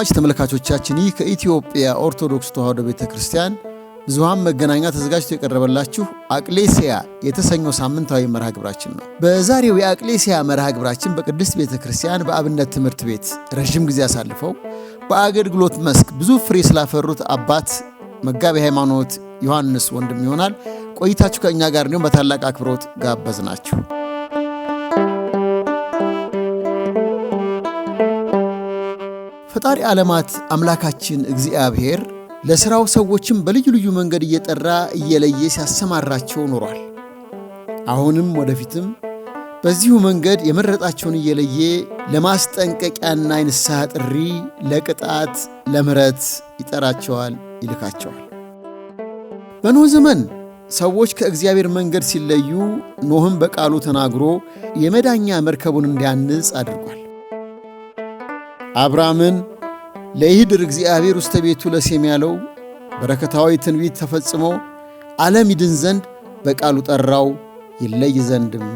አድማጭ ተመልካቾቻችን ይህ ከኢትዮጵያ ኦርቶዶክስ ተዋሕዶ ቤተ ክርስቲያን ብዙሃን መገናኛ ተዘጋጅቶ የቀረበላችሁ አቅሌሲያ የተሰኘው ሳምንታዊ መርሃ ግብራችን ነው። በዛሬው የአቅሌሲያ መርሃ ግብራችን በቅድስት ቤተ ክርስቲያን በአብነት ትምህርት ቤት ረዥም ጊዜ አሳልፈው በአገልግሎት መስክ ብዙ ፍሬ ስላፈሩት አባት መጋቢ ሃይማኖት ዮሐንስ ወንድም ይሆናል ቆይታችሁ ከእኛ ጋር እንዲሁም በታላቅ አክብሮት ጋበዝ ናችሁ። ፈጣሪ ዓለማት አምላካችን እግዚአብሔር ለሥራው ሰዎችም በልዩ ልዩ መንገድ እየጠራ እየለየ ሲያሰማራቸው ኖሯል። አሁንም ወደፊትም በዚሁ መንገድ የመረጣቸውን እየለየ ለማስጠንቀቂያና የንስሐ ጥሪ፣ ለቅጣት፣ ለምሕረት ይጠራቸዋል፣ ይልካቸዋል። በኖህ ዘመን ሰዎች ከእግዚአብሔር መንገድ ሲለዩ ኖህም በቃሉ ተናግሮ የመዳኛ መርከቡን እንዲያንጽ አድርጓል። አብርሃምን ለይህድር እግዚአብሔር ውስተ ቤቱ ለሴም ያለው በረከታዊ ትንቢት ተፈጽሞ ዓለም ይድን ዘንድ በቃሉ ጠራው፣ ይለይ ዘንድም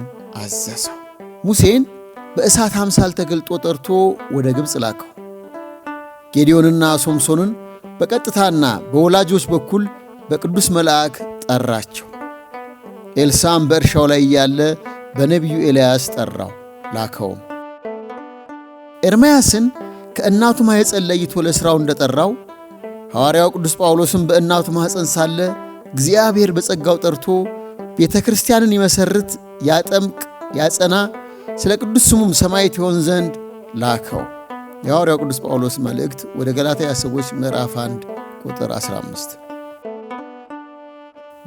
አዘዘው። ሙሴን በእሳት አምሳል ተገልጦ ጠርቶ ወደ ግብፅ ላከው። ጌዲዮንና ሶምሶንን በቀጥታና በወላጆች በኩል በቅዱስ መልአክ ጠራቸው። ኤልሳም በእርሻው ላይ እያለ በነቢዩ ኤልያስ ጠራው ላከውም። ኤርምያስን ከእናቱ ማኅፀን ለይቶ ለሥራው እንደጠራው ሐዋርያው ቅዱስ ጳውሎስም በእናቱ ማኅፀን ሳለ እግዚአብሔር በጸጋው ጠርቶ ቤተ ክርስቲያንን ይመሰርት፣ ያጠምቅ፣ ያጸና ስለ ቅዱስ ስሙም ሰማዕት ይሆን ዘንድ ላከው። የሐዋርያው ቅዱስ ጳውሎስ መልእክት ወደ ገላትያ ሰዎች ምዕራፍ 1 ቁጥር 15።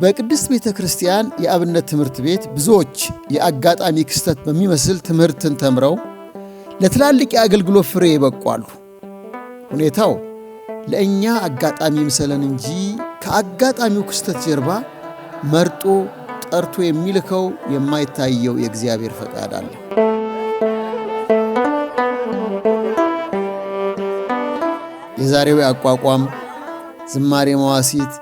በቅድስት ቤተ ክርስቲያን የአብነት ትምህርት ቤት ብዙዎች የአጋጣሚ ክስተት በሚመስል ትምህርትን ተምረው ለትላልቅ የአገልግሎት ፍሬ ይበቋሉ። ሁኔታው ለእኛ አጋጣሚ ይምሰለን እንጂ ከአጋጣሚው ክስተት ጀርባ መርጦ ጠርቶ የሚልከው የማይታየው የእግዚአብሔር ፈቃድ አለ። የዛሬው አቋቋም፣ ዝማሬ መዋሲት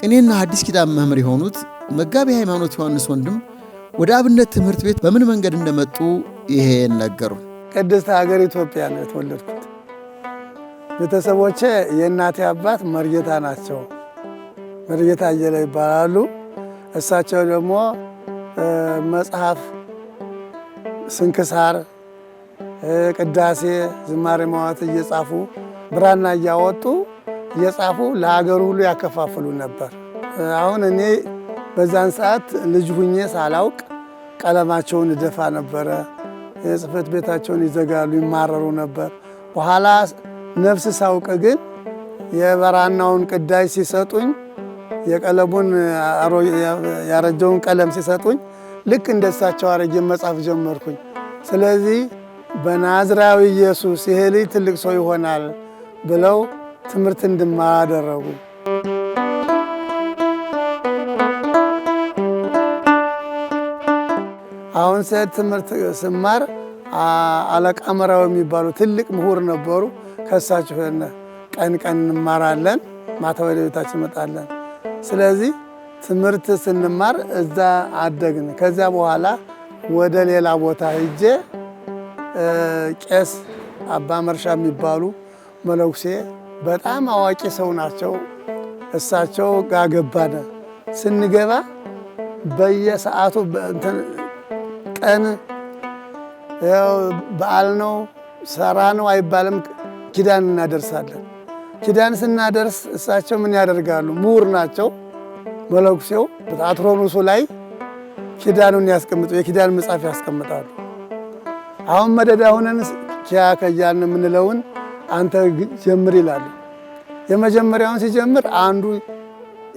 ቅኔና ሐዲስ ኪዳን መምህር የሆኑት መጋቢ ሃይማኖት ዮሐንስ ወንድም ወደ አብነት ትምህርት ቤት በምን መንገድ እንደመጡ ይሄን ነገሩ። ቅድስት ሀገር ኢትዮጵያ ነው የተወለድኩት። ቤተሰቦቼ የእናቴ አባት መርጌታ ናቸው። መርጌታ አየለ ይባላሉ። እሳቸው ደግሞ መጽሐፍ፣ ስንክሳር፣ ቅዳሴ፣ ዝማሬ ማዋት እየጻፉ ብራና እያወጡ እየጻፉ ለሀገሩ ሁሉ ያከፋፍሉ ነበር። አሁን እኔ በዛን ሰዓት ልጅ ሁኜ ሳላውቅ ቀለማቸውን እደፋ ነበረ የጽህፈት ቤታቸውን ይዘጋሉ፣ ይማረሩ ነበር። በኋላ ነፍስ ሳውቅ ግን የበራናውን ቅዳጅ ሲሰጡኝ የቀለሙን ያረጀውን ቀለም ሲሰጡኝ ልክ እንደሳቸው አረጌ መጻፍ ጀመርኩኝ። ስለዚህ በናዝራዊ ኢየሱስ ይሄ ልጅ ትልቅ ሰው ይሆናል ብለው ትምህርት እንድማር አደረጉ። አሁን ሴት ትምህርት ስማር አለቃ መራዊ የሚባሉ ትልቅ ምሁር ነበሩ። ሆነ ቀን ቀን እንማራለን፣ ማታ ወደ ቤታችን እንመጣለን። ስለዚህ ትምህርት ስንማር እዛ አደግን። ከዚያ በኋላ ወደ ሌላ ቦታ ሂጄ ቄስ አባ መርሻ የሚባሉ መለኩሴ በጣም አዋቂ ሰው ናቸው። እሳቸው ጋር ስንገባ በየሰዓቱ ቀን በዓል ነው ሰራ ነው አይባልም። ኪዳን እናደርሳለን። ኪዳን ስናደርስ እሳቸው ምን ያደርጋሉ? ምሁር ናቸው። መለኩሴው አትሮኑሱ ላይ ኪዳኑን ያስቀምጡ፣ የኪዳን መጽሐፍ ያስቀምጣሉ። አሁን መደዳ ሁነን ኪያ የምንለውን አንተ ጀምር ይላሉ። የመጀመሪያውን ሲጀምር አንዱ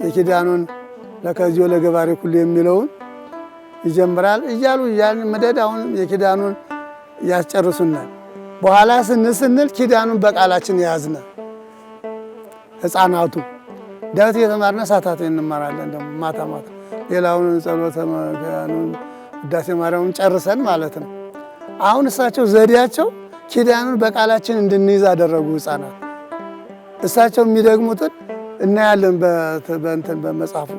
የኪዳኑን ለከዚዮ ለገባሬ ሁሉ የሚለውን ይጀምራል እያሉ እያሉ መደዳውን የኪዳኑን ያስጨርሱናል። በኋላ ስንል ስንል ኪዳኑን በቃላችን የያዝነ ህፃናቱ ዳዊት እየተማርነ ሳታት እንማራለን። ደሞ ማታ ማታ ሌላውን ጸሎተ ኪዳኑን ውዳሴ ማርያምን ጨርሰን ማለት ነው። አሁን እሳቸው ዘዴያቸው ኪዳኑን በቃላችን እንድንይዝ አደረጉ። ህፃናት እሳቸው የሚደግሙትን እናያለን በእንትን በመጽሐፉ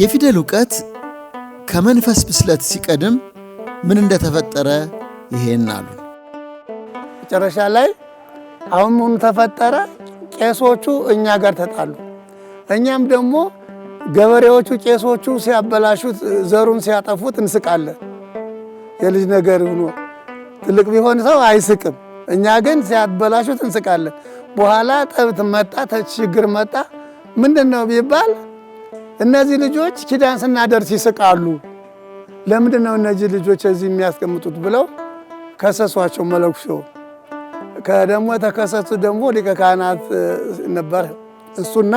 የፊደል እውቀት ከመንፈስ ብስለት ሲቀድም ምን እንደተፈጠረ ይሄን አሉ። መጨረሻ ላይ አሁን ምኑ ተፈጠረ? ቄሶቹ እኛ ጋር ተጣሉ። እኛም ደግሞ ገበሬዎቹ ቄሶቹ ሲያበላሹት፣ ዘሩን ሲያጠፉት እንስቃለን። የልጅ ነገር ሆኖ ትልቅ ቢሆን ሰው አይስቅም። እኛ ግን ሲያበላሹት እንስቃለን። በኋላ ጠብት መጣ፣ ችግር መጣ። ምንድን ነው ቢባል እነዚህ ልጆች ኪዳን ስናደርስ ይስቃሉ። ለምንድን ነው እነዚህ ልጆች እዚህ የሚያስቀምጡት ብለው ከሰሷቸው። መለኩሶ ከደግሞ የተከሰሱት ደግሞ ሊቀ ካህናት ነበር። እሱና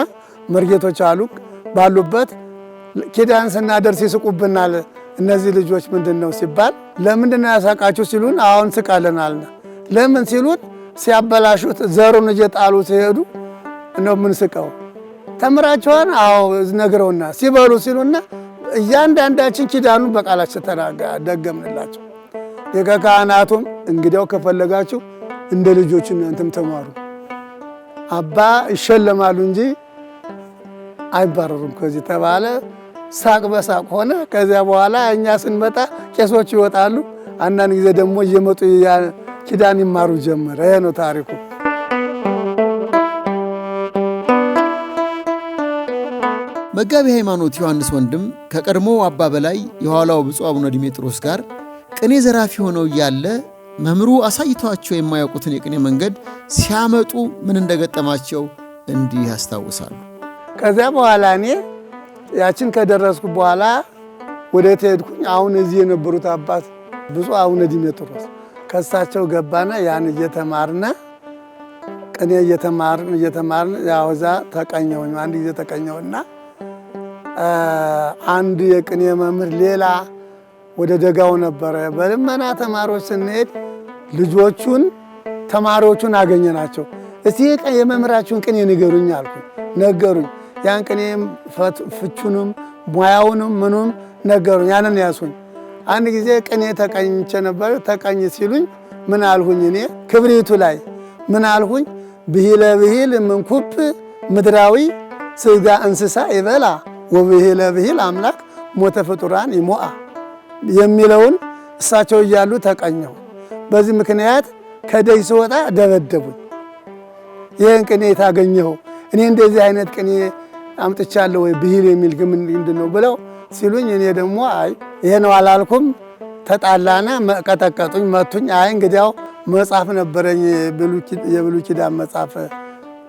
መርጌቶች አሉ ባሉበት ኪዳን ስናደርስ ይስቁብናል እነዚህ ልጆች ምንድን ነው ሲባል፣ ለምንድን ነው ያሳቃችሁ ሲሉን፣ አሁን ስቃልናል ለምን ሲሉን ሲያበላሹት ዘሩን እየጣሉ ሲሄዱ ነው ስቀው? ተምራችኋን? አዎ ነግረውና ሲበሉ ሲሉና እያንዳንዳችን ኪዳኑ በቃላችን ደገምንላቸው። ሊቀ ካህናቱም እንግዲያው ከፈለጋችሁ እንደ ልጆች እናንተም ተማሩ፣ አባ ይሸለማሉ እንጂ አይባረሩም ከዚህ ተባለ። ሳቅ በሳቅ ሆነ። ከዚያ በኋላ እኛ ስንመጣ ቄሶች ይወጣሉ። አንዳንድ ጊዜ ደግሞ እየመጡ ኪዳን ይማሩ ጀመረ። ይሄ ነው ታሪኩ። መጋቢ ሃይማኖት ዮሐንስ ወንድም ከቀድሞ አባ በላይ የኋላው ብፁዕ አቡነ ዲሜጥሮስ ጋር ቅኔ ዘራፊ ሆነው እያለ መምህሩ አሳይቷቸው የማያውቁትን የቅኔ መንገድ ሲያመጡ ምን እንደገጠማቸው እንዲህ ያስታውሳሉ። ከዚያ በኋላ እኔ ያችን ከደረስኩ በኋላ ወደ ተሄድኩኝ አሁን እዚህ የነበሩት አባት ብፁዕ አቡነ ዲሜጥሮስ ከእሳቸው ገባነ ያን እየተማርነ ቅኔ እየተማርን እየተማርን ያው እዛ ተቀኘሁኝ አንድ ጊዜ ተቀኘውና አንድ የቅኔ መምህር ሌላ ወደ ደጋው ነበረ። በልመና ተማሪዎች ስንሄድ ልጆቹን ተማሪዎቹን አገኘናቸው። እስቲ የመምህራችሁን ቅኔ ንገሩኝ አልኩ። ነገሩኝ። ያን ቅኔም ፍቹንም ሙያውንም ምኑም ነገሩኝ። ያንን ያሱኝ። አንድ ጊዜ ቅኔ ተቀኝቼ ነበር። ተቀኝ ሲሉኝ ምን አልሁኝ? እኔ ክብሪቱ ላይ ምን አልሁኝ? ብሂለ ብሂል ምንኩብ ምድራዊ ስጋ እንስሳ ይበላ ወብሂለ ብሂል አምላክ ሞተ ፍጡራን ይሞአ የሚለውን እሳቸው እያሉ ተቀኘው። በዚህ ምክንያት ከደጅ ስወጣ ደበደቡኝ። ይህን ቅኔ የታገኘኸው እኔ እንደዚህ አይነት ቅኔ አምጥቻለሁ ወይ ብሂል የሚል ምንድን ነው ብለው ሲሉኝ፣ እኔ ደግሞ አይ ይሄ ነው አላልኩም። ተጣላና ቀጠቀጡኝ፣ መቱኝ። አይ እንግዲያው መጽሐፍ ነበረኝ የብሉይ ኪዳን መጽሐፍ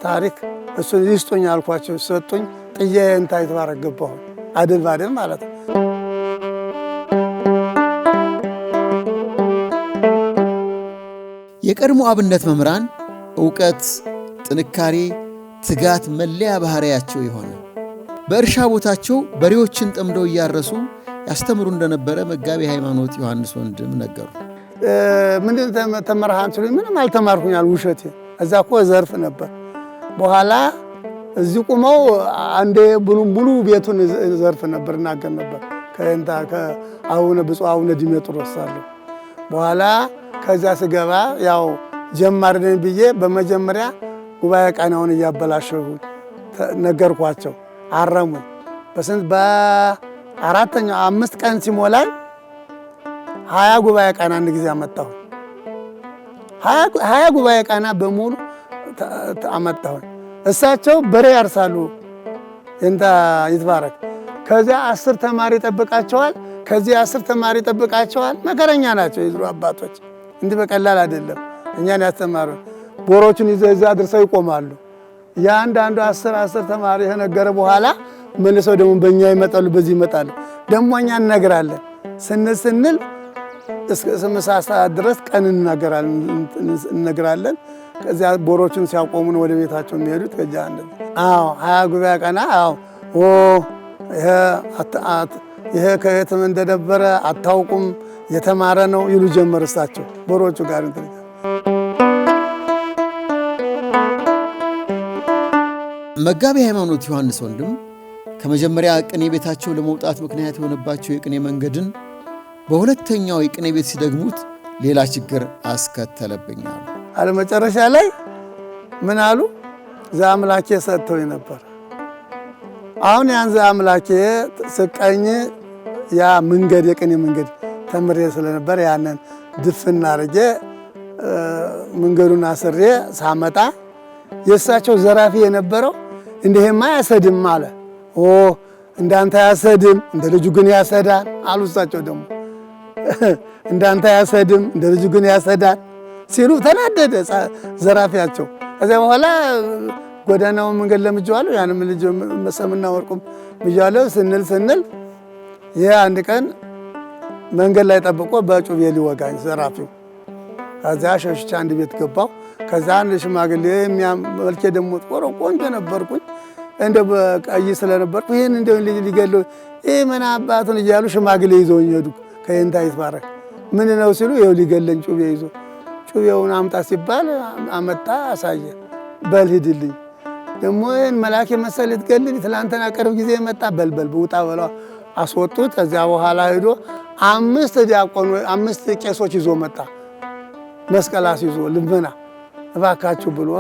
ታሪክ፣ እሱን ይስጡኝ አልኳቸው፣ ሰጡኝ። ጥያዬን ታይት ማድረግ ገባሁ። አድን ማለት ነው። የቀድሞ አብነት መምህራን እውቀት፣ ጥንካሬ፣ ትጋት መለያ ባህሪያቸው የሆነ በእርሻ ቦታቸው በሬዎችን ጠምደው እያረሱ ያስተምሩ እንደነበረ መጋቢ ሃይማኖት ዮሐንስ ወንድም ነገሩ። ምንድን ተመርሃን ስሉኝ ምንም አልተማርኩኛል። ውሸት እዛ እኮ ዘርፍ ነበር በኋላ እዚህ ቁመው አንዴ ሙሉ ቤቱን ዘርፍ ነበር እናገር ነበር ከእንታ ከአቡነ ብፁዕ አቡነ ዲሜጥሮስ ሳለ በኋላ ከዛ ስገባ ያው ጀማርነን ብዬ በመጀመሪያ ጉባኤ ቃናውን እያበላሸሁ ነገርኳቸው። አረሙ። በስንት በአራተኛው አምስት ቀን ሲሞላል ሀያ ጉባኤ ቃና አንድ ጊዜ አመጣሁ። ሀያ ጉባኤ ቃና በሙሉ አመጣሁን። እሳቸው በሬ ያርሳሉ። እንታ ይትባረክ። ከዚያ አስር ተማሪ ጠብቃቸዋል። ከዚህ አስር ተማሪ ጠብቃቸዋል መከረኛ ናቸው የድሮ አባቶች፣ እንዲህ በቀላል አይደለም። እኛን ያስተማሩ ቦሮቹን ይዘው እዚያ አድርሰው ይቆማሉ። የአንዳንዱ አስር አስር ተማሪ ከነገረ በኋላ መልሰው ደግሞ በእኛ ይመጣሉ። በዚህ ይመጣሉ ደግሞ እኛ እንነግራለን ስንል ስንል እስከ ምሳ ሰዓት ድረስ ቀን እንነግራለን። ከዚያ ቦሮችን ሲያቆሙን ወደ ቤታቸው የሚሄዱት ከዚያ አንድ አዎ ሀያ ጉባኤ ቀና አዎ ኦ ይሄ ከየትም እንደደበረ አታውቁም የተማረ ነው ይሉ ጀመር። እሳቸው ቦሮቹ ጋር እንትን መጋቢ ሃይማኖት ዮሐንስ ወንድም ከመጀመሪያ ቅኔ ቤታቸው ለመውጣት ምክንያት የሆነባቸው የቅኔ መንገድን በሁለተኛው የቅኔ ቤት ሲደግሙት ሌላ ችግር አስከተለብኛል። አለ መጨረሻ ላይ ምን አሉ? ዘአምላኬ ሰጥተውኝ ነበር። አሁን ያን ዘአምላኬ ስቀኝ ያ መንገድ የቅኔ መንገድ ተምሬ ስለነበር ያንን ድፍን አርጌ መንገዱን አስሬ ሳመጣ የእሳቸው ዘራፊ የነበረው እንዲህማ ያሰድም አለ። ኦ እንዳንተ ያሰድም እንደ ልጁ ግን ያሰዳል አሉ። እሳቸው ደግሞ እንዳንተ ያሰድም እንደ ልጁ ግን ያሰዳል ሲሉ ተናደደ ዘራፊያቸው። ከዚያ በኋላ ጎዳናውን መንገድ ለምጄዋለሁ፣ ያንም ልጅ መሰምና ወርቁም ብያለሁ ስንል ስንል ይህ አንድ ቀን መንገድ ላይ ጠብቆ በጩቤ ሊወጋኝ ዘራፊው። ከዚያ ሸሽቼ አንድ ቤት ገባሁ። ከዛ አንድ ሽማግሌ መልኬ ደግሞ ጥቁር ቆንጆ ነበርኩኝ እንደ ቀይ ስለነበርኩ ይህን እንደ ልጅ ሊገለው ይህ ምን አባቱን እያሉ ሽማግሌ ይዘውኝ ሄዱ። ከየንታ ይትባረክ ምን ነው ሲሉ ይኸው ሊገለኝ ጩቤ ይዞ ጩቤውን አምጣ ሲባል አመጣ አሳየ። በል ሂድልኝ ደግሞ ይህን መልአክ የመሰል ልትገልል ትላንትና ቅርብ ጊዜ መጣ። በልበል ውጣ በለ አስወጡት። ከዚያ በኋላ ሂዶ አምስት ዲያቆኖ አምስት ቄሶች ይዞ መጣ መስቀላስ ይዞ ልመና እባካችሁ ብሎ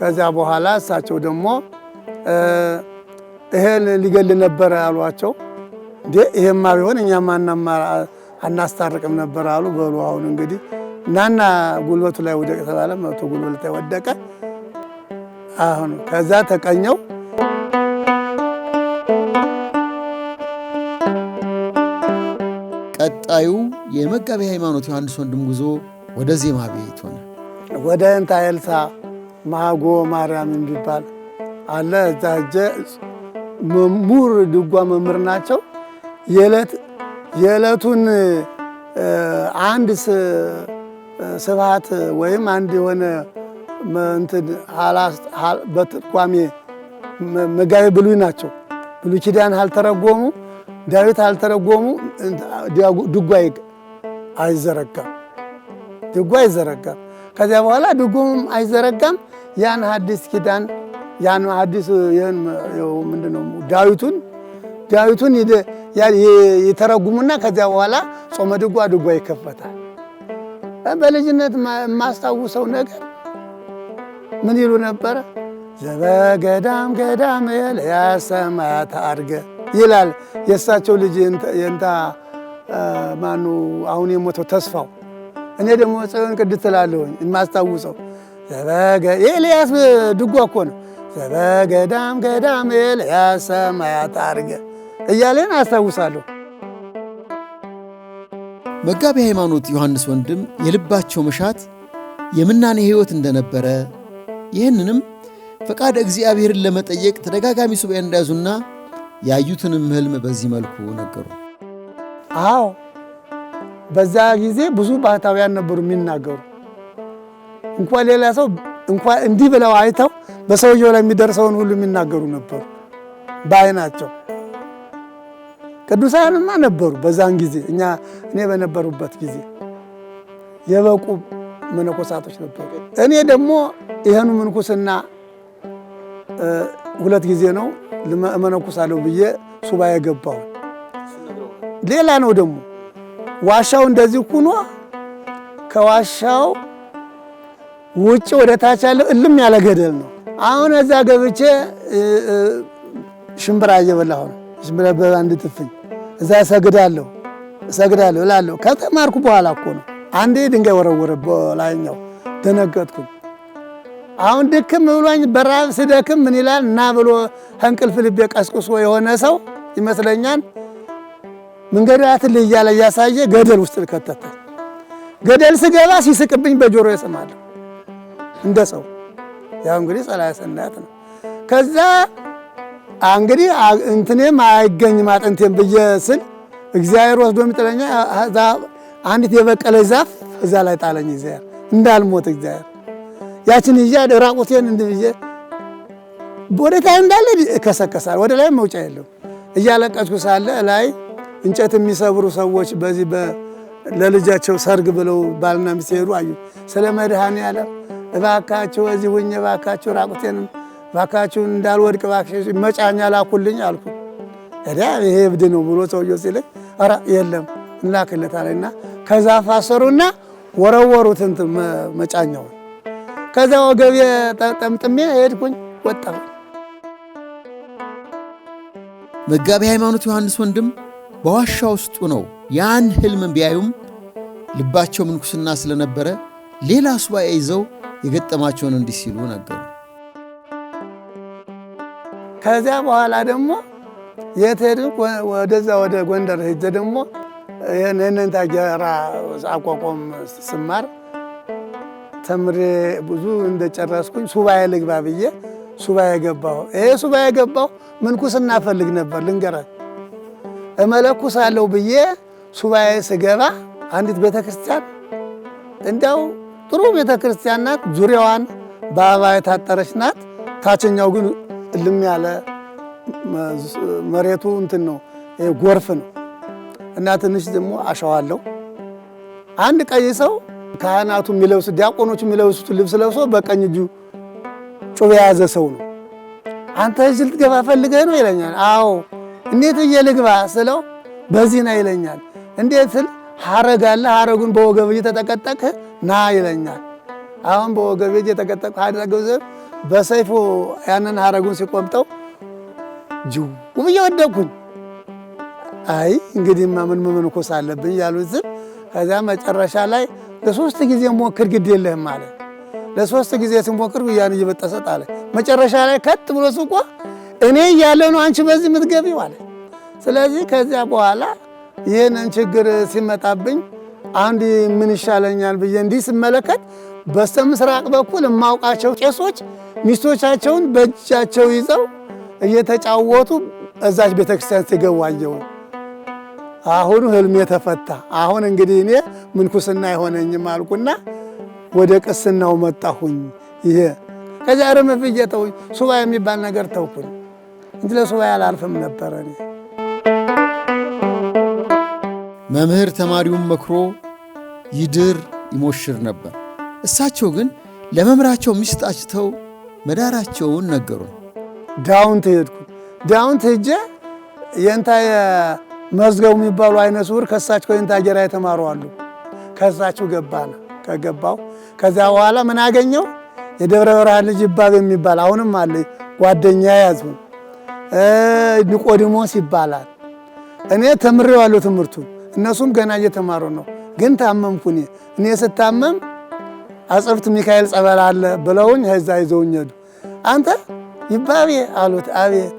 ከዚያ በኋላ እሳቸው ደግሞ ይሄን ሊገል ነበረ አሏቸው። ይሄማ ቢሆን እኛማ አናስታርቅም ነበር አሉ። በሉ አሁን እንግዲህ ናና ጉልበቱ ላይ ውደቅ የተባለ መቶ ጉልበቱ ላይ ወደቀ። አሁን ከዛ ተቀኘው ቀጣዩ የመጋቤ ሃይማኖት ዮሐንስ ወንድም ጉዞ ወደ ዜማ ቤት ሆነ። ወደ እንታ ኤልሳ ማጎ ማርያም የሚባል አለ። እዛ ሄጄ መምህር ድጓ መምህር ናቸው። የዕለቱን አንድ ስብሃት ወይም አንድ የሆነ እንትን በትርጓሜ መጋቢ ብሉይ ናቸው። ብሉይ ኪዳን አልተረጎሙ፣ ዳዊት አልተረጎሙ። ድጓ አይዘረጋም፣ ድጓ አይዘረጋም። ከዚያ በኋላ ድጓም አይዘረጋም። ያን ሐዲስ ኪዳን ያን ሐዲስ ይህን ምንድን ነው ዳዊቱን ዳዊቱን የተረጉሙና ከዚያ በኋላ ጾመ ድጓ ድጓ ይከፈታል። በልጅነት የማስታውሰው ነገር ምን ይሉ ነበረ? ዘበገዳም ገዳም ለያሰማያት አድገ ይላል የእሳቸው ልጅ የንታ ማኑ አሁን የሞተው ተስፋው። እኔ ደግሞ ጽዮን ቅድስት ትላለሁኝ የማስታውሰው ኤልያስ ድጓ እኮ ነው። ዘበገዳም ገዳም ኤልያስ ሰማያት እያለን አስታውሳለሁ። መጋቢ ሃይማኖት ዮሐንስ ወንድም የልባቸው መሻት የምናኔ ሕይወት እንደነበረ ይህንንም ፈቃድ እግዚአብሔርን ለመጠየቅ ተደጋጋሚ ሱባኤ እንዳያዙና ያዩትንም ህልም በዚህ መልኩ ነገሩ። አዎ በዛ ጊዜ ብዙ ባህታውያን ነበሩ የሚናገሩ እንኳን ሌላ ሰው እንኳን እንዲህ ብለው አይተው በሰውየው ላይ የሚደርሰውን ሁሉ የሚናገሩ ነበሩ በአይናቸው። ቅዱሳንማ ነበሩ በዛን ጊዜ እኛ እኔ በነበሩበት ጊዜ የበቁ መነኮሳቶች ነበሩ። እኔ ደግሞ ይህኑ ምንኩስና ሁለት ጊዜ ነው መነኩሳለሁ ብዬ ሱባ የገባው ሌላ ነው ደግሞ ዋሻው እንደዚህ ሁኖ ከዋሻው ውጭ ወደ ታች ያለው እልም ያለ ገደል ነው። አሁን እዛ ገብቼ ሽምብራ እየበላሁ ነው። ሽምብራ በአንድ ጥፍኝ እዛ እሰግዳለሁ እሰግዳለሁ እላለሁ። ከተማርኩ በኋላ እኮ ነው። አንዴ ድንጋይ ወረወረ በላይኛው፣ ደነገጥኩኝ። አሁን ድክም ብሎኝ በረሃብ ስደክም ምን ይላል እና ብሎ ከእንቅልፍ ልቤ ቀስቅሶ የሆነ ሰው ይመስለኛል መንገድ አትል እያለ እያሳየ ገደል ውስጥ ልከተተ። ገደል ስገባ ሲስቅብኝ በጆሮ ይሰማለሁ እንደ ሰው። ያው እንግዲህ ጸላኢ ሰንዳት ነው ከዛ እንግዲህ እንትኔም አይገኝም አጥንቴም ብዬ ስል እግዚአብሔር ወስዶ የሚጥለኛ አንዲት የበቀለች ዛፍ እዛ ላይ ጣለኝ። እግዚአብሔር እንዳልሞት እግዚአብሔር ያችን ይዤ ራቁቴን እንዲህ ብዬ ወደ ታች እንዳለ እከሰከሳል። ወደ ላይ መውጫ የለም። እያለቀስኩ ሳለ ላይ እንጨት የሚሰብሩ ሰዎች በዚህ ለልጃቸው ሰርግ ብለው ባልና ሚስት ሄዱ አዩ። ስለ መድኃኔዓለም እባካቸው እዚህ ሁኜ እባካቸው ራቁቴንም ባካችሁን እንዳልወድቅ ባክሽ መጫኛ ላኩልኝ አልኩ። እዳ ይሄ እብድ ነው ብሎ ሰውዬው ሲለኝ ኧረ የለም እንላክለት አለና ከዛ ፋሰሩና ወረወሩት እንትን መጫኛውን። ከዛ ወገቤ ጠምጥሜ ሄድኩኝ ወጣሁ። መጋቢ ሃይማኖት ዮሐንስ ወንድም በዋሻ ውስጡ ነው ያን ህልም ቢያዩም ልባቸው ምንኩስና ስለነበረ ሌላ ሱባኤ ይዘው የገጠማቸውን እንዲህ ሲሉ ነገሩ። ከዚያ በኋላ ደግሞ የት ሄድን? ወደዛ ወደ ጎንደር ሄጄ ደግሞ ይህንን ታጀራ አቋቋም ስማር ተምሬ ብዙ እንደጨረስኩኝ ሱባኤ ልግባ ብዬ ሱባኤ ገባሁ። ይሄ ሱባኤ ገባሁ ምንኩስና ፈልግ ነበር ልንገራል እመለኩሳለሁ ብዬ ሱባኤ ስገባ አንዲት ቤተ ክርስቲያን እንዲያው ጥሩ ቤተ ክርስቲያን ናት። ዙሪያዋን በአበባ የታጠረች ናት። ታችኛው ግን እልም ያለ መሬቱ እንትን ነው ጎርፍ ነው እና ትንሽ ደግሞ አሸዋለሁ። አንድ ቀይ ሰው ካህናቱ የሚለብሱ ዲያቆኖቹ የሚለብሱት ልብስ ለብሶ በቀኝ እጁ ጩቤ የያዘ ሰው ነው። አንተ እዚህ ልትገባ ፈልገህ ነው ይለኛል። አዎ እንዴት ብዬ ልግባ ስለው በዚህ ና ይለኛል። እንዴት ስል ሀረግ አለ ሀረጉን በወገብ እየተጠቀጠቅህ ና ይለኛል። አሁን በወገብ እየተጠቀጠቅህ ሀረግ በሰይፉ ያንን ሀረጉን ሲቆምጠው ጅው ብዬ ወደኩኝ። አይ እንግዲህማ ምን መመንኮስ አለብኝ ያሉት ዝም። ከዚያ መጨረሻ ላይ ለሶስት ጊዜ ሞክር ግድ የለህም አለ። ለሶስት ጊዜ ስሞክር ያን እየበጠሰ ጣለ። መጨረሻ ላይ ከት ብሎ ስቆ እኔ እያለ ነው አንቺ በዚህ የምትገቢው አለ። ስለዚህ ከዚያ በኋላ ይህንን ችግር ሲመጣብኝ አንድ ምን ይሻለኛል ብዬ እንዲህ ስመለከት በስተምስራቅ በኩል የማውቃቸው ቄሶች ሚስቶቻቸውን በእጃቸው ይዘው እየተጫወቱ እዛች ቤተክርስቲያን ሲገዋየው አሁኑ ህልሜ ተፈታ። አሁን እንግዲህ እኔ ምንኩስና አይሆነኝም አልኩና ወደ ቅስናው መጣሁኝ። ይሄ ከዚያ ርም ተውኝ። ሱባ የሚባል ነገር ተውኩኝ እንጂ ለሱባ አላልፍም ነበረ። እኔ መምህር ተማሪውን መክሮ ይድር ይሞሽር ነበር። እሳቸው ግን ለመምህራቸው ሚስት አጭተው መዳራቸውን ነገሩን። ዳውንት ሄድኩ። ዳውንት ሄጄ የእንታ መዝገቡ የሚባሉ አይነ ስውር ከሳቸው ከእንታ ጀራ የተማሩ አሉ። ከሳቸው ገባነ ከገባው ከዚያ በኋላ ምን አገኘው የደብረ ብርሃን ልጅ ይባብ የሚባል አሁንም አለ ጓደኛ ያዙ ኒቆዲሞስ ይባላል። እኔ ተምሬዋለሁ ትምህርቱ እነሱም ገና እየተማሩ ነው። ግን ታመምኩኝ። እኔ ስታመም አጽብት ሚካኤል ጸበል አለ ብለውኝ እዛ ይዘውኝ ሄዱ። አንተ ይባቤ አሉት። አቤት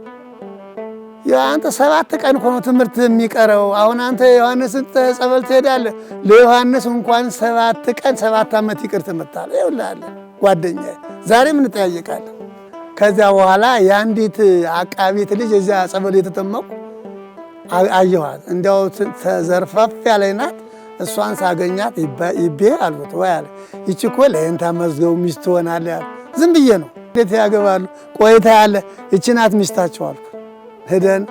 አንተ ሰባት ቀን ሆኖ ትምህርት የሚቀረው አሁን አንተ ዮሐንስን ጸበል ትሄዳለህ። ለዮሐንስ እንኳን ሰባት ቀን ሰባት ዓመት ይቅር ትምህርታል ይውላለ ጓደኛ ዛሬም እንጠያየቃለን። ከዚያ በኋላ የአንዲት አቃቢት ልጅ እዚያ ጸበል የተጠመቁ አየኋት። እንዲያው ተዘርፋፍ ያለች ናት። እሷን ሳገኛት ይቤ አልኩት። ወይ አለ ይቺ እኮ ለእንታ መዝገቡ ሚስት ትሆናለህ። ዝም ብዬ ነው ቤት ያገባሉ። ቆይታ ያለ ይቺ ናት ሚስታቸው አልኩ። ሄደን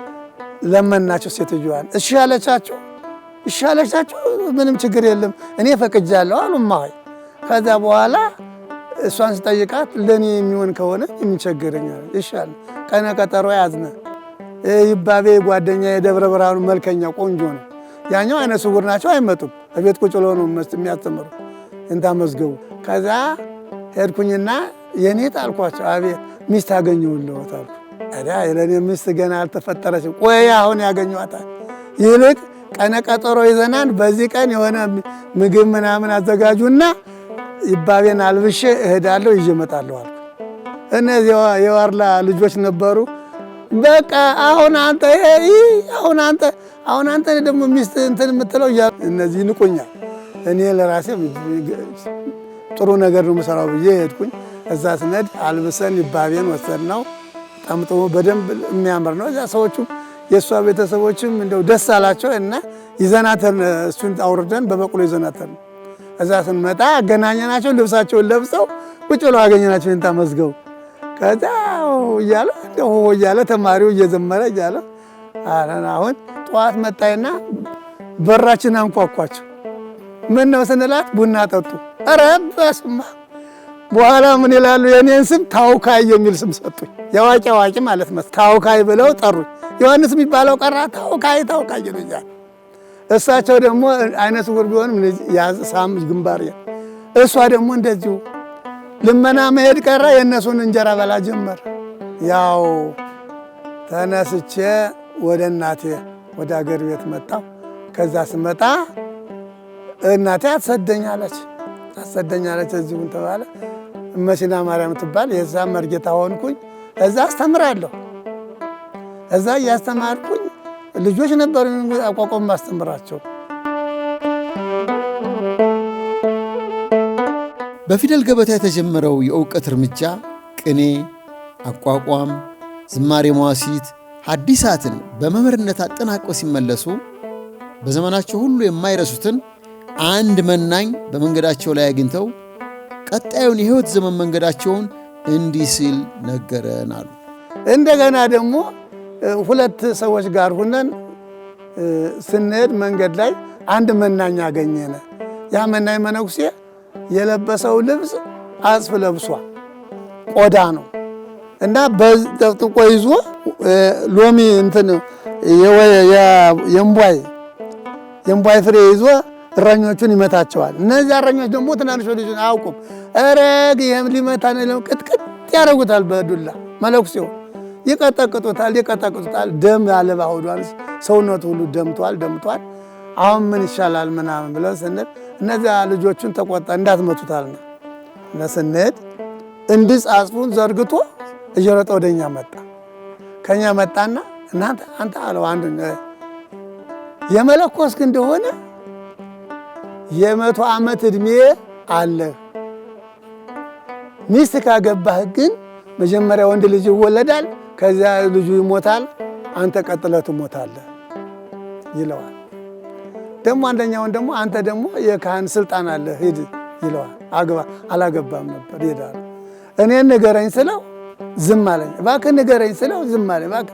ለመናቸው ሴትዮዋን። እሺ አለቻቸው። እሺ አለቻቸው። ምንም ችግር የለም እኔ ፈቅጃለሁ አሉ ማይ ከዛ በኋላ እሷን ስጠይቃት ለእኔ የሚሆን ከሆነ የሚቸግረኝ ይሻል። ቀነ ቀጠሮ ያዝነ ይባቤ ጓደኛ የደብረ ብርሃኑ መልከኛ ቆንጆ ነው። ያኛው አይነ ስውር ናቸው አይመጡም። እቤት ቁጭ ብለው ነው የሚያስተምሩ መዝገቡ ከዛ ሄድኩኝና የኔ ጣልኳቸው። አቤት ሚስት አገኘሁልዎት አልኩ። ታዲያ ለእኔ ሚስት ገና አልተፈጠረችም፣ ቆይ አሁን ያገኟታል። ይልቅ ቀነ ቀጠሮ ይዘናል፣ በዚህ ቀን የሆነ ምግብ ምናምን አዘጋጁና ይባቤን አልብሼ እሄዳለሁ፣ ይዤ እመጣለሁ አልኩ። እነዚህ የዋርላ ልጆች ነበሩ። በቃ አሁን አንተ አሁን አንተ አሁን አንተ ደግሞ ሚስት እንትን የምትለው እያ እነዚህ ይንቁኛል። እኔ ለራሴ ጥሩ ነገር ነው የምሰራው ብዬ ሄድኩኝ። እዛ ስነድ አልብሰን ይባቤን ወሰድ ነው ጠምጥሞ በደንብ የሚያምር ነው። እዛ ሰዎቹ የእሷ ቤተሰቦችም እንደው ደስ አላቸው እና ይዘናተን እሱን አውርደን በበቅሎ ይዘናተን እዛ ስንመጣ አገናኘናቸው። ልብሳቸውን ለብሰው ቁጭ ብለው አገኘናቸው። ንታ መዝገቡ ከዛ እያለ እንደው እያለ ተማሪው እየዘመረ እያለ አረን አሁን ጠዋት መጣይና በራችን አንኳኳቸው። ምን ነው ስንላት ቡና ጠጡ። ኧረ በስመ አብ በኋላ ምን ይላሉ? የኔን ስም ታውካይ የሚል ስም ሰጡኝ። የዋቂ አዋቂ ማለት መስ ታውካይ ብለው ጠሩኝ። ዮሐንስ የሚባለው ቀራ፣ ታውካይ ታውካይ ይሉኛል። እሳቸው ደግሞ አይነ ስውር ቢሆንም ሳም ግንባር፣ እሷ ደግሞ እንደዚሁ ልመና መሄድ ቀራ የእነሱን እንጀራ በላ ጀመር። ያው ተነስቼ ወደ እናቴ ወደ አገር ቤት መጣሁ። ከዛ ስመጣ እናቴ አትሰደኛለች። ታሰደኛለች እዚሁን ተባለ። እመሲና ማርያም ትባል የዛ መርጌታ ሆንኩኝ። እዛ አስተምራለሁ። እዛ እያስተማርኩኝ ልጆች ነበሩ አቋቋም ማስተምራቸው። በፊደል ገበታ የተጀመረው የእውቀት እርምጃ ቅኔ፣ አቋቋም፣ ዝማሬ መዋሲት ሐዲሳትን በመምህርነት አጠናቀው ሲመለሱ በዘመናቸው ሁሉ የማይረሱትን አንድ መናኝ በመንገዳቸው ላይ አግኝተው ቀጣዩን የሕይወት ዘመን መንገዳቸውን እንዲህ ሲል ነገረን አሉ። እንደገና ደግሞ ሁለት ሰዎች ጋር ሁነን ስንሄድ መንገድ ላይ አንድ መናኝ አገኘነ። ያ መናኝ መነኩሴ የለበሰው ልብስ አጽፍ ለብሷ ቆዳ ነው እና በጠቅጥቆ ይዞ ሎሚ እንትን የእምቧይ የእምቧይ ፍሬ ይዞ እረኞቹን ይመታቸዋል። እነዚህ እረኞች ደግሞ ትናንሽ ልጅን አያውቁም። እረግ ይህም ሊመታን ለው ቅጥቅጥ ያደርጉታል በዱላ መለኩሴው ይቀጠቅጡታል፣ ይቀጠቅጡታል። ደም ያለባ ሆዷል፣ ሰውነቱ ሁሉ ደምቷል፣ ደምቷል። አሁን ምን ይሻላል ምናምን ብለን ስንል እነዚያ ልጆቹን ተቆጣ እንዳትመቱታል ነው ስንሄድ እንዲህ ጻጽፉን ዘርግቶ እየሮጠ ወደኛ መጣ። ከኛ መጣና እናንተ አንተ አለው አንዱ የመለኮስክ እንደሆነ የመቶ ዓመት ዕድሜ አለህ። ሚስት ካገባህ ግን መጀመሪያ ወንድ ልጅ ይወለዳል፣ ከዚያ ልጁ ይሞታል፣ አንተ ቀጥለህ ትሞታለህ ይለዋል። ደግሞ አንደኛውን ደግሞ አንተ ደግሞ የካህን ስልጣን አለ፣ ሂድ ይለዋል። አግባ አላገባም ነበር ይሄዳል። እኔን ንገረኝ ስለው ዝም አለኝ። እባክህ ንገረኝ ስለው ዝም አለኝ። እባክህ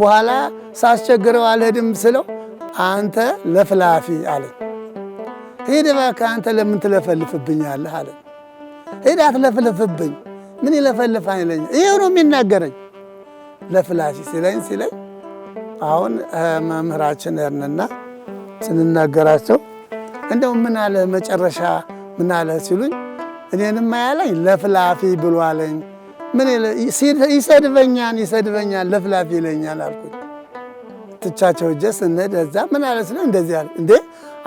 በኋላ ሳስቸግረው አልሄድም ስለው አንተ ለፍላፊ አለኝ። ሂድ እባክህ አንተ ለምን ትለፈልፍብኛለህ አለ። ሂድ አትለፍልፍብኝ፣ ምን ይለፈልፍ አይለኝ። ይህ ነው የሚናገረኝ ለፍላሽ ሲለኝ ሲለኝ አሁን መምህራችን እርንና ስንናገራቸው እንደው ምን አለ መጨረሻ ምን አለ ሲሉኝ እኔንማ ያለኝ ለፍላፊ ብሏለኝ። ምን ይሰድበኛል ለፍላፊ ይለኛል አልኩኝ። ትቻቸው እጀ ስንሄድ እዛ ምን አለ ሲለኝ እንደዚህ አለ እንዴ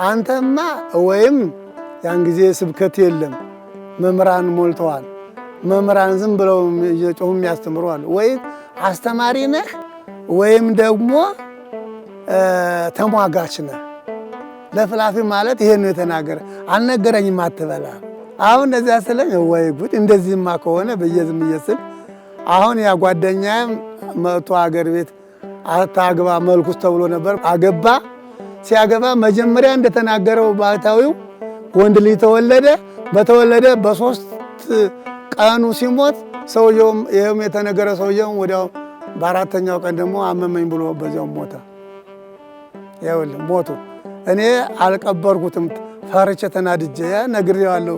አንተማ ወይም ያን ጊዜ ስብከት የለም መምህራን ሞልተዋል። መምህራን ዝም ብለው እየጮሁ የሚያስተምሩ አሉ። ወይም አስተማሪ ነህ ወይም ደግሞ ተሟጋች ነህ። ለፍላፊ ማለት ይሄን ነው የተናገረ አልነገረኝም አትበላ። አሁን እንደዚያ ስለኝ ወይ ጉድ እንደዚህማ ከሆነ ብዬ ዝም እየስል አሁን ያ ጓደኛዬም መጥቶ አገር ቤት አታግባ መልኩስ ተብሎ ነበር አገባ። ሲያገባ መጀመሪያ እንደተናገረው ባህታዊው ወንድ ልጅ ተወለደ። በተወለደ በሶስት ቀኑ ሲሞት ሰውየውም ይህም የተነገረ ሰውየውም ወዲያው በአራተኛው ቀን ደግሞ አመመኝ ብሎ በዚያው ሞተ። ይኸውልህ ሞቱ። እኔ አልቀበርኩትም ፈርቼ ተናድጄ ነግሬዋለሁ።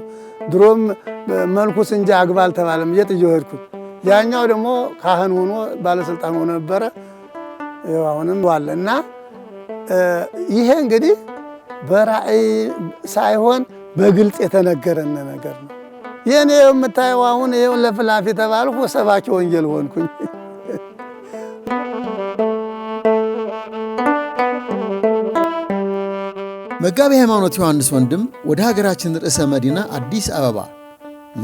ድሮም መልኩስ እንጂ አግባ አልተባለም እየጥየው ሄድኩኝ። ያኛው ደግሞ ካህን ሆኖ ባለስልጣን ሆኖ ነበረ። ይኸው አሁንም ዋለ እና ይሄ እንግዲህ በራእይ ሳይሆን በግልጽ የተነገረን ነገር ነው። ይህን የምታየው አሁን ይኸው ለፍላፊ የተባልኩ ሰባኪ ወንጌል ሆንኩኝ። መጋቢ ሃይማኖት ዮሐንስ ወንድም ወደ ሀገራችን ርዕሰ መዲና አዲስ አበባ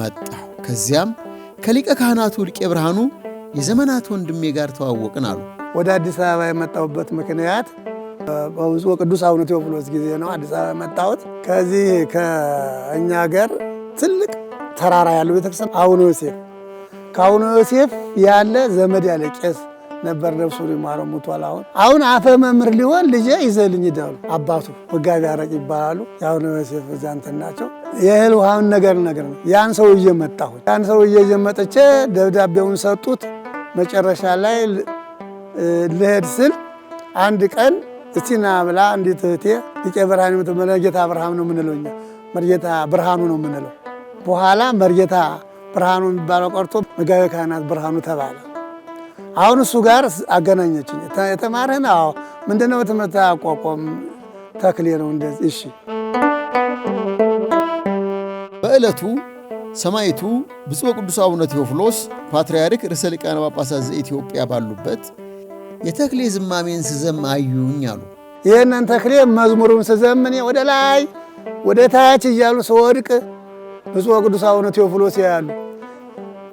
መጣሁ። ከዚያም ከሊቀ ካህናቱ ልቄ ብርሃኑ የዘመናት ወንድሜ ጋር ተዋወቅን አሉ። ወደ አዲስ አበባ የመጣሁበት ምክንያት በብፁዕ ወቅዱስ አቡነ ቴዎፍሎስ ጊዜ ነው አዲስ አበባ መጣሁት። ከዚህ ከእኛ ሀገር ትልቅ ተራራ ያለው ቤተክርስቲያን አቡነ ዮሴፍ፣ ከአቡነ ዮሴፍ ያለ ዘመድ ያለ ቄስ ነበር። ነፍሱ ይማረው ሙቷል። አሁን አሁን አፈ መምህር ሊሆን ልጄ ይዘልኝ ይደሉ አባቱ ወጋቢ አረቅ ይባላሉ። የአቡነ ዮሴፍ ዛንትን ናቸው። የእህል ውሃን ነገር ነገር ነው። ያን ሰውዬ መጣሁ። ያን ሰውዬ መጥቼ ደብዳቤውን ሰጡት። መጨረሻ ላይ ልሄድ ስል አንድ ቀን እስቲ ና ብላ እንዲት እህቴ ሊቀ ብርሃን መርጌታ ብርሃም ነው የምንለው እኛ መርጌታ ብርሃኑ ነው የምንለው። በኋላ መርጌታ ብርሃኑ የሚባለው ቀርቶ መጋቤ ካህናት ብርሃኑ ተባለ። አሁን እሱ ጋር አገናኘችኝ። የተማርህን? አዎ። ምንድነው? ትምህርት አቋቋም ተክሌ ነው። እንደዚህ እሺ። በዕለቱ ሰማዕቱ ብፁዕ ወቅዱስ አቡነ ቴዎፍሎስ ፓትርያርክ ርዕሰ ሊቃነ ጳጳሳት ዘኢትዮጵያ ባሉበት የተክሌ ዝማሜን ስዘም አዩኝ አሉ። ይህንን ተክሌ መዝሙሩን ስዘምን ወደ ላይ ወደ ታች እያሉ ስወድቅ ብፁዕ ቅዱስ አቡነ ቴዎፍሎስ ያሉ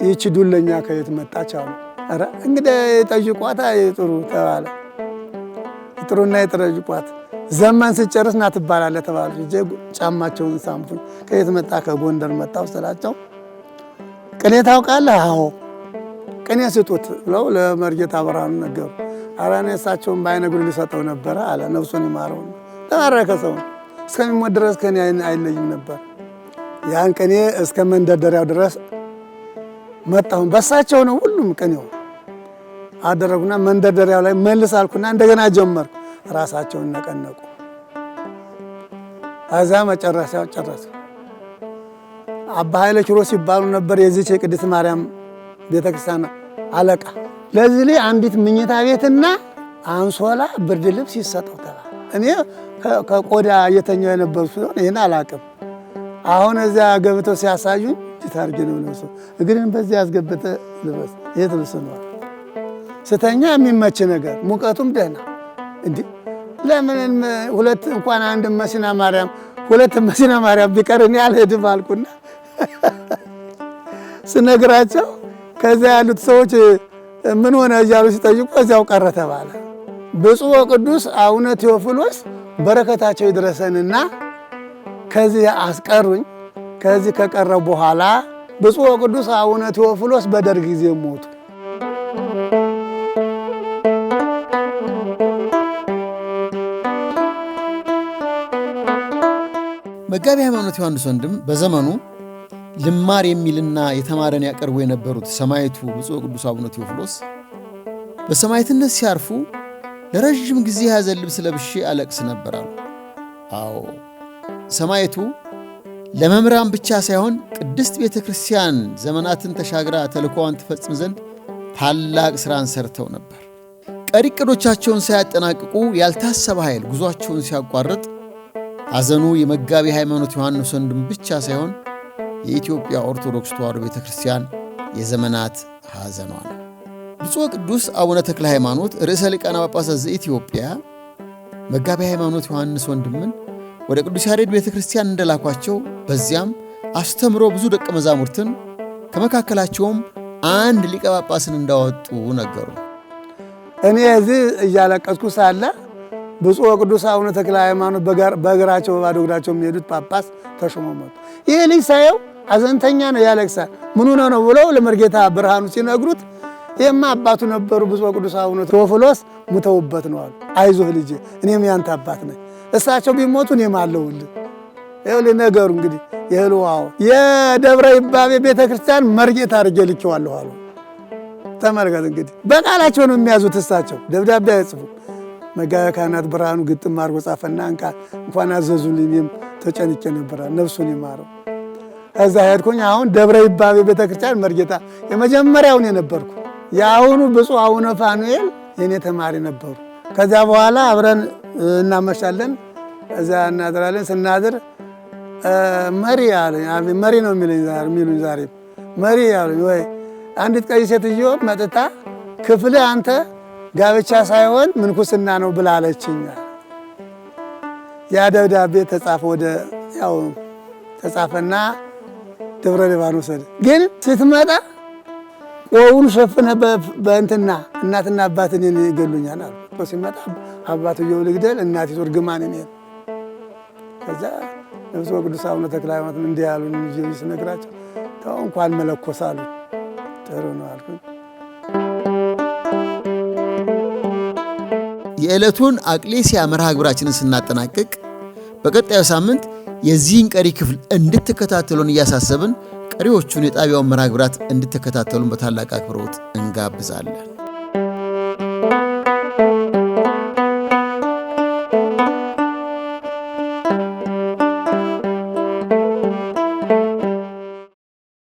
ይህች ዱለኛ ከየት መጣች አሉ። ኧረ እንግዲህ ጠይቋታ ጥሩ ተባለ። ጥሩና የጠይቋት ዘመን ስጨርስ ና ትባላለ ተባሉ። ጫማቸውን ሳምፉኝ ከየት መጣ? ከጎንደር መጣው ስላቸው ቅኔ ታውቃለህ? አዎ ቅኔ ስጡት ብለው ለመርጌታ ብርሃኑ ነገሩ። ኧረ እኔ እሳቸውን በአይነግሩ ሊሰጠው ነበረ አለ። ነፍሱን ይማረው። ተባረከ ሰው እስከሚሞት ድረስ ከኔ አይለይም ነበር። ያን ቅኔ እስከ መንደርደሪያው ድረስ መጣሁን። በእሳቸው ነው ሁሉም ቅኔው አደረጉና መንደርደሪያው ላይ መልስ አልኩና እንደገና ጀመርኩ። ራሳቸውን ነቀነቁ። አዛ መጨረሻው ጨረሰ። አባ ኃይለ ኪሮስ ሲባሉ ነበር የዚች የቅድስት ማርያም ቤተክርስቲያን አለቃ ለዚህ ላይ አንዲት ምኝታ ቤትና አንሶላ፣ ብርድ ልብስ ይሰጠው ተባለ። እኔ ከቆዳ እየተኛው የነበሩ ሲሆን ይህን አላውቅም። አሁን እዚያ ገብተው ሲያሳዩ ታርጌ ነው ልብሱ እግርን በዚህ ያስገብተ ልበስ የት ልብስ ነው ስተኛ የሚመች ነገር ሙቀቱም ደህና እንዲ ለምን ሁለት እንኳን አንድ መሲና ማርያም ሁለት መሲና ማርያም ቢቀር እኔ አልሄድም አልኩና ስነግራቸው ከዚያ ያሉት ሰዎች ምን ሆነ እያሉ ሲጠይቁ እዚያው ቀረ ተባለ። ብፁዕ ቅዱስ አቡነ ቴዎፍሎስ በረከታቸው ይድረሰንና ከዚህ አስቀሩኝ። ከዚህ ከቀረ በኋላ ብፁዕ ቅዱስ አቡነ ቴዎፍሎስ በደርግ ጊዜ ሞቱ። መጋቢ ሃይማኖት ዮሐንስ ወንድም በዘመኑ ልማር የሚልና የተማረን ያቀርቡ የነበሩት ሰማይቱ ብፁዕ ቅዱስ አቡነ ቴዎፍሎስ በሰማይትነት ሲያርፉ ለረዥም ጊዜ የያዘ ልብስ ለብሼ አለቅስ ነበር አሉ። አዎ ሰማይቱ ለመምህራን ብቻ ሳይሆን ቅድስት ቤተ ክርስቲያን ዘመናትን ተሻግራ ተልኳዋን ትፈጽም ዘንድ ታላቅ ሥራን ሰርተው ነበር። ቀሪ ዕቅዶቻቸውን ሳያጠናቅቁ ያልታሰበ ኃይል ጉዞአቸውን ሲያቋርጥ ሐዘኑ የመጋቢ ሃይማኖት ዮሐንስ ወንድም ብቻ ሳይሆን የኢትዮጵያ ኦርቶዶክስ ተዋሕዶ ቤተ ክርስቲያን የዘመናት ሐዘኗ ነው። ብፁዕ ቅዱስ አቡነ ተክለ ሃይማኖት ርዕሰ ሊቃነ ጳጳሳት ዘኢትዮጵያ መጋቢ ሃይማኖት ዮሐንስ ወንድምን ወደ ቅዱስ ያሬድ ቤተ ክርስቲያን እንደላኳቸው በዚያም አስተምሮ ብዙ ደቀ መዛሙርትን ከመካከላቸውም አንድ ሊቀ ጳጳስን እንዳወጡ ነገሩ። እኔ እዚህ እያለቀስኩ ሳለ ብፁዕ ወቅዱስ አቡነ ተክለ ሃይማኖት በእግራቸው በባዶ እግራቸው የሚሄዱት ጳጳስ ተሾሞ መጡ። ይህ ልጅ ሳየው አዘንተኛ ነው፣ ያለቅሳል። ምን ሆነ ነው ብለው ለመርጌታ ብርሃኑ ሲነግሩት ይህማ አባቱ ነበሩ ብፁዕ ወቅዱስ አቡነ ቴዎፍሎስ ሙተውበት ነው አሉ። አይዞህ ልጅ፣ እኔም ያንተ አባት ነኝ። እሳቸው ቢሞቱ እኔም አለሁልህ። ይኸውልህ ነገሩ እንግዲህ የህልዋው የደብረ ይባቤ ቤተ ክርስቲያን መርጌታ አድርጌ ልኬዋለሁ አሉ። ተመልከት እንግዲህ በቃላቸው ነው የሚያዙት። እሳቸው ደብዳቤ አይጽፉም። መጋቢያ ካህናት ብርሃኑ ግጥም አድርጎ ጻፈና እንካ እንኳን አዘዙልኝ። እኔም ተጨንቄ ነበረ። ነፍሱን ይማረው። እዛ ሄድኩኝ። አሁን ደብረ ይባቤ ቤተክርስቲያን መርጌታ የመጀመሪያውን የነበርኩ የአሁኑ ብፁ አቡነ ፋኑኤል የእኔ ተማሪ ነበሩ። ከዚያ በኋላ አብረን እናመሻለን፣ እዛ እናድራለን። ስናድር መሪ አለኝ መሪ ነው የሚሉኝ ዛሬ መሪ አለኝ ወይ አንዲት ቀይ ሴትዮ መጥታ ክፍልህ አንተ ጋብቻ ሳይሆን ምንኩስና ነው ብላለችኛ። ያ ደብዳቤ ተጻፈ፣ ወደ ያው ተጻፈና ደብረ ሊባኖስ ወሰደ። ግን ስትመጣ ቆቡን ሸፍነ በእንትና እናትና አባት እኔን ይገሉኛል አሉ። ሲመጣ አባትየው ልግደል እናቲቱ እርግማን እኔን ከዛ ለብዙ ቅዱስ አቡነ ተክለ ሃይማኖት እንዲህ ያሉን ስነግራቸው እንኳን መለኮሳሉ ጥሩ ነው አልኩኝ። የዕለቱን አቅሌሲያ መርሃ ግብራችንን ስናጠናቅቅ በቀጣዩ ሳምንት የዚህን ቀሪ ክፍል እንድትከታተሉን እያሳሰብን ቀሪዎቹን የጣቢያውን መርሃ ግብራት እንድትከታተሉን በታላቅ አክብሮት እንጋብዛለን።